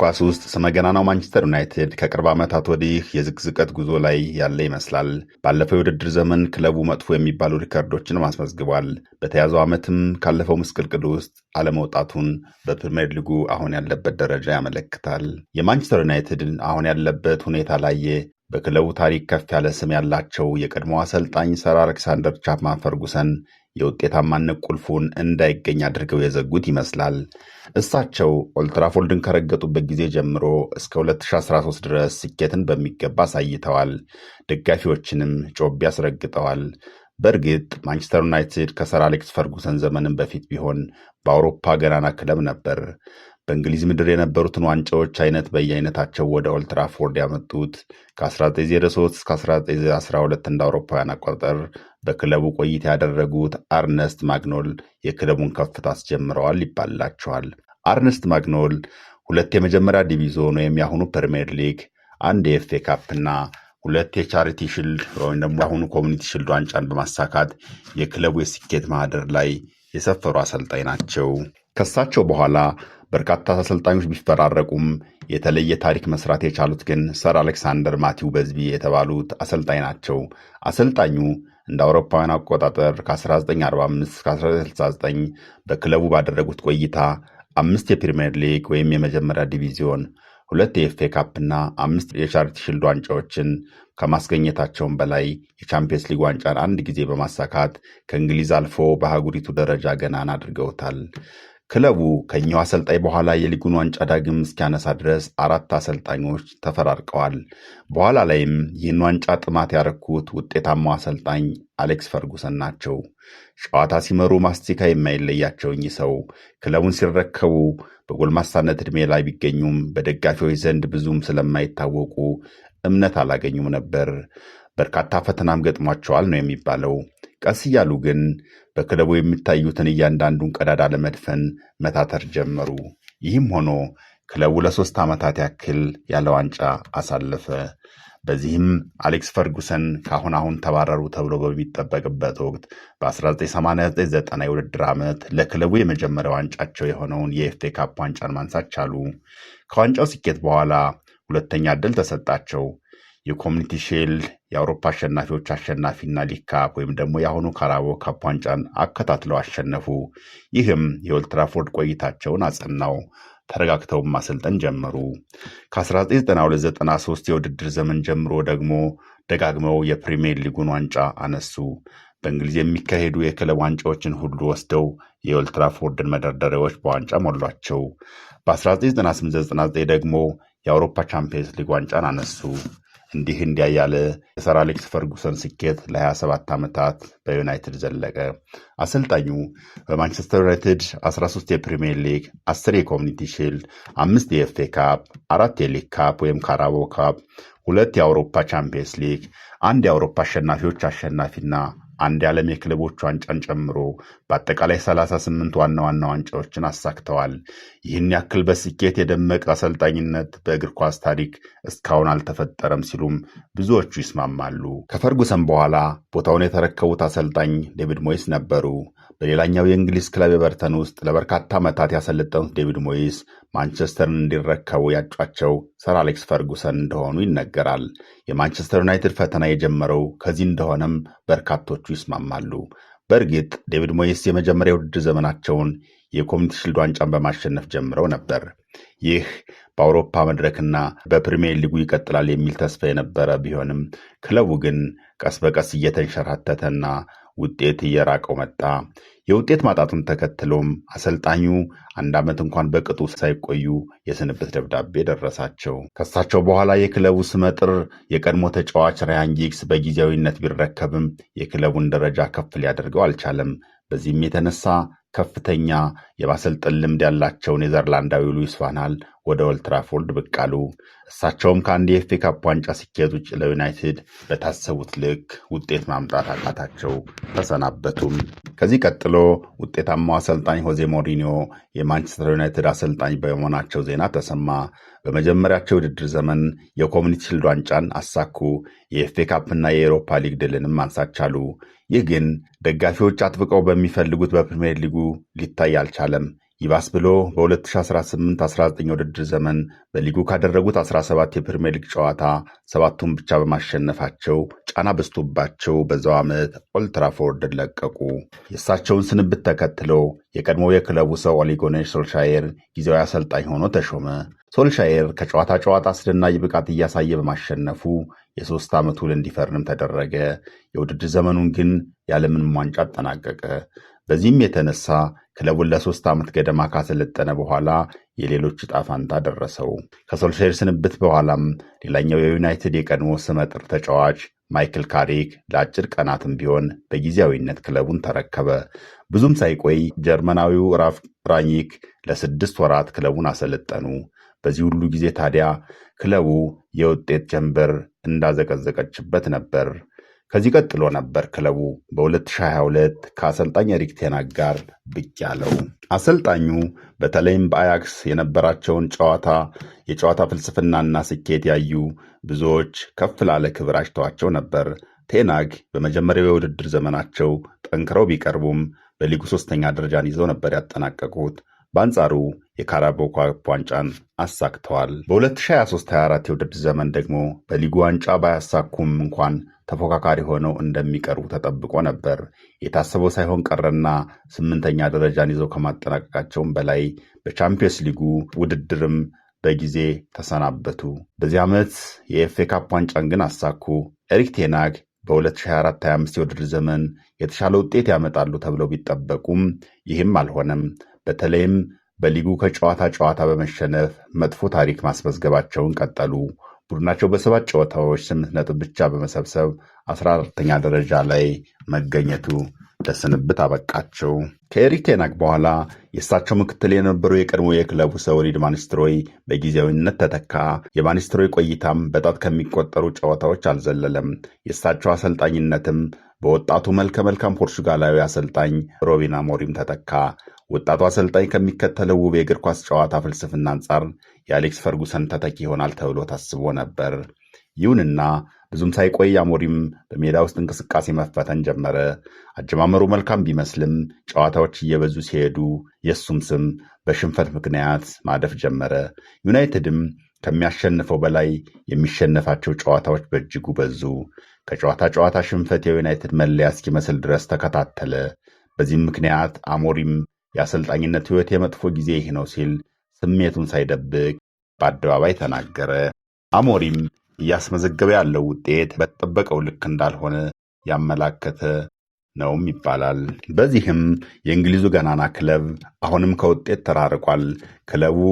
ኳስ ውስጥ ስመገናናው ማንቸስተር ዩናይትድ ከቅርብ ዓመታት ወዲህ የዝቅዝቀት ጉዞ ላይ ያለ ይመስላል። ባለፈው የውድድር ዘመን ክለቡ መጥፎ የሚባሉ ሪከርዶችን አስመዝግቧል። በተያዘው ዓመትም ካለፈው ምስቅልቅል ውስጥ አለመውጣቱን በፕሪምየር ሊጉ አሁን ያለበት ደረጃ ያመለክታል። የማንቸስተር ዩናይትድን አሁን ያለበት ሁኔታ ላየ በክለቡ ታሪክ ከፍ ያለ ስም ያላቸው የቀድሞ አሰልጣኝ ሰር አሌክሳንደር ቻፕማን ፈርጉሰን የውጤታማነት ቁልፉን እንዳይገኝ አድርገው የዘጉት ይመስላል። እሳቸው ኦልትራፎልድን ከረገጡበት ጊዜ ጀምሮ እስከ 2013 ድረስ ስኬትን በሚገባ አሳይተዋል። ደጋፊዎችንም ጮቤ አስረግጠዋል። በእርግጥ ማንቸስተር ዩናይትድ ከሰር አሌክስ ፈርጉሰን ዘመንም በፊት ቢሆን በአውሮፓ ገናና ክለብ ነበር። በእንግሊዝ ምድር የነበሩትን ዋንጫዎች አይነት በየአይነታቸው ወደ ኦልትራፎርድ ያመጡት ከ1903 እስከ 1912 እንደ አውሮፓውያን አቆጣጠር በክለቡ ቆይታ ያደረጉት አርነስት ማግኖል የክለቡን ከፍታ አስጀምረዋል ይባላቸዋል። አርነስት ማግኖል ሁለት የመጀመሪያ ዲቪዞን ወይም የአሁኑ ፕሪምየር ሊግ፣ አንድ ካፕ ካፕና ሁለት የቻሪቲ ሽልድ ወይም ደግሞ የአሁኑ ኮሚኒቲ ሽልድ ዋንጫን በማሳካት የክለቡ የስኬት ማህደር ላይ የሰፈሩ አሰልጣኝ ናቸው። ከሳቸው በኋላ በርካታ አሰልጣኞች ቢፈራረቁም የተለየ ታሪክ መስራት የቻሉት ግን ሰር አሌክሳንደር ማቲው በዝቢ የተባሉት አሰልጣኝ ናቸው። አሰልጣኙ እንደ አውሮፓውያን አቆጣጠር ከ1945-1969 በክለቡ ባደረጉት ቆይታ አምስት የፕሪምየር ሊግ ወይም የመጀመሪያ ዲቪዚዮን፣ ሁለት የኤፍኤ ካፕና አምስት የቻሪቲ ሽልድ ዋንጫዎችን ከማስገኘታቸውም በላይ የቻምፒየንስ ሊግ ዋንጫን አንድ ጊዜ በማሳካት ከእንግሊዝ አልፎ በአህጉሪቱ ደረጃ ገናን አድርገውታል። ክለቡ ከኛው አሰልጣኝ በኋላ የሊጉን ዋንጫ ዳግም እስኪያነሳ ድረስ አራት አሰልጣኞች ተፈራርቀዋል። በኋላ ላይም ይህን ዋንጫ ጥማት ያረኩት ውጤታማው አሰልጣኝ አሌክስ ፈርጉሰን ናቸው። ጨዋታ ሲመሩ ማስቲካ የማይለያቸው እኚህ ሰው ክለቡን ሲረከቡ በጎልማሳነት ዕድሜ ላይ ቢገኙም በደጋፊዎች ዘንድ ብዙም ስለማይታወቁ እምነት አላገኙም ነበር። በርካታ ፈተናም ገጥሟቸዋል ነው የሚባለው። ቀስ እያሉ ግን በክለቡ የሚታዩትን እያንዳንዱን ቀዳዳ ለመድፈን መታተር ጀመሩ። ይህም ሆኖ ክለቡ ለሶስት ዓመታት ያክል ያለ ዋንጫ አሳለፈ። በዚህም አሌክስ ፈርጉሰን ከአሁን አሁን ተባረሩ ተብሎ በሚጠበቅበት ወቅት በ1989/90 የውድድር ዓመት ለክለቡ የመጀመሪያ ዋንጫቸው የሆነውን የኤፍቴ ካፕ ዋንጫን ማንሳት ቻሉ። ከዋንጫው ስኬት በኋላ ሁለተኛ እድል ተሰጣቸው። የኮሚኒቲ ሺልድ የአውሮፓ አሸናፊዎች አሸናፊና ሊካፕ ወይም ደግሞ የአሁኑ ካራቦ ካፕ ዋንጫን አከታትለው አሸነፉ። ይህም የኦልትራፎርድ ቆይታቸውን አጸናው። ተረጋግተውም ማሰልጠን ጀመሩ። ከ1992/93 የውድድር ዘመን ጀምሮ ደግሞ ደጋግመው የፕሪሚየር ሊጉን ዋንጫ አነሱ። በእንግሊዝ የሚካሄዱ የክለብ ዋንጫዎችን ሁሉ ወስደው የኦልትራፎርድን መደርደሪያዎች በዋንጫ ሞሏቸው። በ1998/99 ደግሞ የአውሮፓ ቻምፒየንስ ሊግ ዋንጫን አነሱ። እንዲህ እንዲያ ያለ የሰር አሌክስ ፈርጉሰን ስኬት ለ27 ዓመታት በዩናይትድ ዘለቀ። አሰልጣኙ በማንቸስተር ዩናይትድ 13 የፕሪምየር ሊግ፣ 10 የኮሚኒቲ ሺልድ፣ 5 የኤፍኤ ካፕ፣ 4 የሊግ ካፕ ወይም ካራቦ ካፕ፣ ሁለት የአውሮፓ ቻምፒየንስ ሊግ፣ አንድ የአውሮፓ አሸናፊዎች አሸናፊና አንድ የዓለም የክለቦች ዋንጫን ጨምሮ በአጠቃላይ 38 ዋና ዋና ዋንጫዎችን አሳክተዋል። ይህን ያክል በስኬት የደመቀ አሰልጣኝነት በእግር ኳስ ታሪክ እስካሁን አልተፈጠረም ሲሉም ብዙዎቹ ይስማማሉ። ከፈርጉሰን በኋላ ቦታውን የተረከቡት አሰልጣኝ ዴቪድ ሞይስ ነበሩ። በሌላኛው የእንግሊዝ ክለብ ኤቨርተን ውስጥ ለበርካታ ዓመታት ያሰለጠኑት ዴቪድ ሞይስ ማንቸስተርን እንዲረከቡ ያጯቸው ሰር አሌክስ ፈርጉሰን እንደሆኑ ይነገራል። የማንቸስተር ዩናይትድ ፈተና የጀመረው ከዚህ እንደሆነም በርካቶቹ ይስማማሉ። በእርግጥ ዴቪድ ሞይስ የመጀመሪያ ውድድ ዘመናቸውን የኮሚኒቲ ሽልድ ዋንጫን በማሸነፍ ጀምረው ነበር። ይህ በአውሮፓ መድረክና በፕሪምየር ሊጉ ይቀጥላል የሚል ተስፋ የነበረ ቢሆንም ክለቡ ግን ቀስ በቀስ እየተንሸራተተና ውጤት እየራቀው መጣ። የውጤት ማጣቱን ተከትሎም አሰልጣኙ አንድ ዓመት እንኳን በቅጡ ሳይቆዩ የስንብት ደብዳቤ ደረሳቸው። ከሳቸው በኋላ የክለቡ ስመጥር የቀድሞ ተጫዋች ራያን ጊግስ በጊዜያዊነት ቢረከብም የክለቡን ደረጃ ከፍ ሊያደርገው አልቻለም። በዚህም የተነሳ ከፍተኛ የማሰልጠን ልምድ ያላቸውን ኔዘርላንዳዊ ሉዊስ ቫናል ወደ ኦልትራፎርድ ብቅ አሉ። እሳቸውም ከአንድ የኤፍ ካፕ ዋንጫ ስኬት ውጭ ለዩናይትድ በታሰቡት ልክ ውጤት ማምጣት አቃታቸው፣ ተሰናበቱም። ከዚህ ቀጥሎ ውጤታማው አሰልጣኝ ሆዜ ሞሪኒዮ የማንቸስተር ዩናይትድ አሰልጣኝ በመሆናቸው ዜና ተሰማ። በመጀመሪያቸው ውድድር ዘመን የኮሚኒቲ ሽልድ ዋንጫን አሳኩ፣ የኤፍ ኤ ካፕና የኤሮፓ ሊግ ድልንም ማንሳት ቻሉ። ይህ ግን ደጋፊዎች አጥብቀው በሚፈልጉት በፕሪምየር ሊጉ ሊታይ አልቻለም። ይባስ ብሎ በ2018/19 ውድድር ዘመን በሊጉ ካደረጉት 17 የፕሪምየር ሊግ ጨዋታ ሰባቱን ብቻ በማሸነፋቸው ጫና በዝቶባቸው በዛው ዓመት ኦልትራፎርድ ለቀቁ። የእሳቸውን ስንብት ተከትሎ የቀድሞው የክለቡ ሰው ኦሊጎኔሽ ሶልሻየር ጊዜያዊ አሰልጣኝ ሆኖ ተሾመ። ሶልሻየር ከጨዋታ ጨዋታ አስደናቂ ብቃት እያሳየ በማሸነፉ የሶስት ዓመት ውል እንዲፈርም ተደረገ። የውድድር ዘመኑን ግን ያለምንም ዋንጫ አጠናቀቀ። በዚህም የተነሳ ክለቡን ለሶስት ዓመት ገደማ ካሰለጠነ በኋላ የሌሎች ዕጣ ደረሰው። ከሶልሼር ስንብት በኋላም ሌላኛው የዩናይትድ የቀድሞ ስመጥር ተጫዋች ማይክል ካሪክ ለአጭር ቀናትም ቢሆን በጊዜያዊነት ክለቡን ተረከበ። ብዙም ሳይቆይ ጀርመናዊው ራፍ ራኒክ ለስድስት ወራት ክለቡን አሰለጠኑ። በዚህ ሁሉ ጊዜ ታዲያ ክለቡ የውጤት ጀንበር እንዳዘቀዘቀችበት ነበር። ከዚህ ቀጥሎ ነበር ክለቡ በ2022 ከአሰልጣኝ ኤሪክ ቴናግ ጋር ብቅ ያለው። አሰልጣኙ በተለይም በአያክስ የነበራቸውን ጨዋታ የጨዋታ ፍልስፍናና ስኬት ያዩ ብዙዎች ከፍ ላለ ክብር አጭተዋቸው ነበር። ቴናግ በመጀመሪያው የውድድር ዘመናቸው ጠንክረው ቢቀርቡም በሊጉ ሶስተኛ ደረጃን ይዘው ነበር ያጠናቀቁት። በአንጻሩ የካራቦኮ ዋንጫን አሳክተዋል። በ2023/24 የውድድር ዘመን ደግሞ በሊጉ ዋንጫ ባያሳኩም እንኳን ተፎካካሪ ሆነው እንደሚቀርቡ ተጠብቆ ነበር። የታሰበው ሳይሆን ቀረና ስምንተኛ ደረጃን ይዘው ከማጠናቀቃቸውም በላይ በቻምፒየንስ ሊጉ ውድድርም በጊዜ ተሰናበቱ። በዚህ ዓመት የኤፌ ካፕ ዋንጫን ግን አሳኩ። ኤሪክ ቴናግ በ2024/25 የውድድር ዘመን የተሻለ ውጤት ያመጣሉ ተብለው ቢጠበቁም ይህም አልሆነም። በተለይም በሊጉ ከጨዋታ ጨዋታ በመሸነፍ መጥፎ ታሪክ ማስመዝገባቸውን ቀጠሉ። ቡድናቸው በሰባት ጨዋታዎች ስምንት ነጥብ ብቻ በመሰብሰብ አስራ አራተኛ ደረጃ ላይ መገኘቱ ለስንብት አበቃቸው። ከኤሪክ ቴናግ በኋላ የእሳቸው ምክትል የነበሩ የቀድሞ የክለቡ ሰው ሪድ ማንስትሮይ በጊዜያዊነት ተተካ። የማንስትሮይ ቆይታም በጣት ከሚቆጠሩ ጨዋታዎች አልዘለለም። የእሳቸው አሰልጣኝነትም በወጣቱ መልከ መልካም ፖርቹጋላዊ አሰልጣኝ ሮቢን አሞሪም ተተካ። ወጣቱ አሰልጣኝ ከሚከተለው ውብ የእግር ኳስ ጨዋታ ፍልስፍና አንጻር የአሌክስ ፈርጉሰን ተተኪ ይሆናል ተብሎ ታስቦ ነበር። ይሁንና ብዙም ሳይቆይ አሞሪም በሜዳ ውስጥ እንቅስቃሴ መፈተን ጀመረ። አጀማመሩ መልካም ቢመስልም ጨዋታዎች እየበዙ ሲሄዱ የእሱም ስም በሽንፈት ምክንያት ማደፍ ጀመረ። ዩናይትድም ከሚያሸንፈው በላይ የሚሸነፋቸው ጨዋታዎች በእጅጉ በዙ። ከጨዋታ ጨዋታ ሽንፈት የዩናይትድ መለያ እስኪመስል ድረስ ተከታተለ። በዚህም ምክንያት አሞሪም የአሰልጣኝነት ሕይወት የመጥፎ ጊዜ ይህ ነው ሲል ስሜቱን ሳይደብቅ በአደባባይ ተናገረ። አሞሪም እያስመዘገበ ያለው ውጤት በተጠበቀው ልክ እንዳልሆነ ያመላከተ ነውም ይባላል። በዚህም የእንግሊዙ ገናና ክለብ አሁንም ከውጤት ተራርቋል። ክለቡ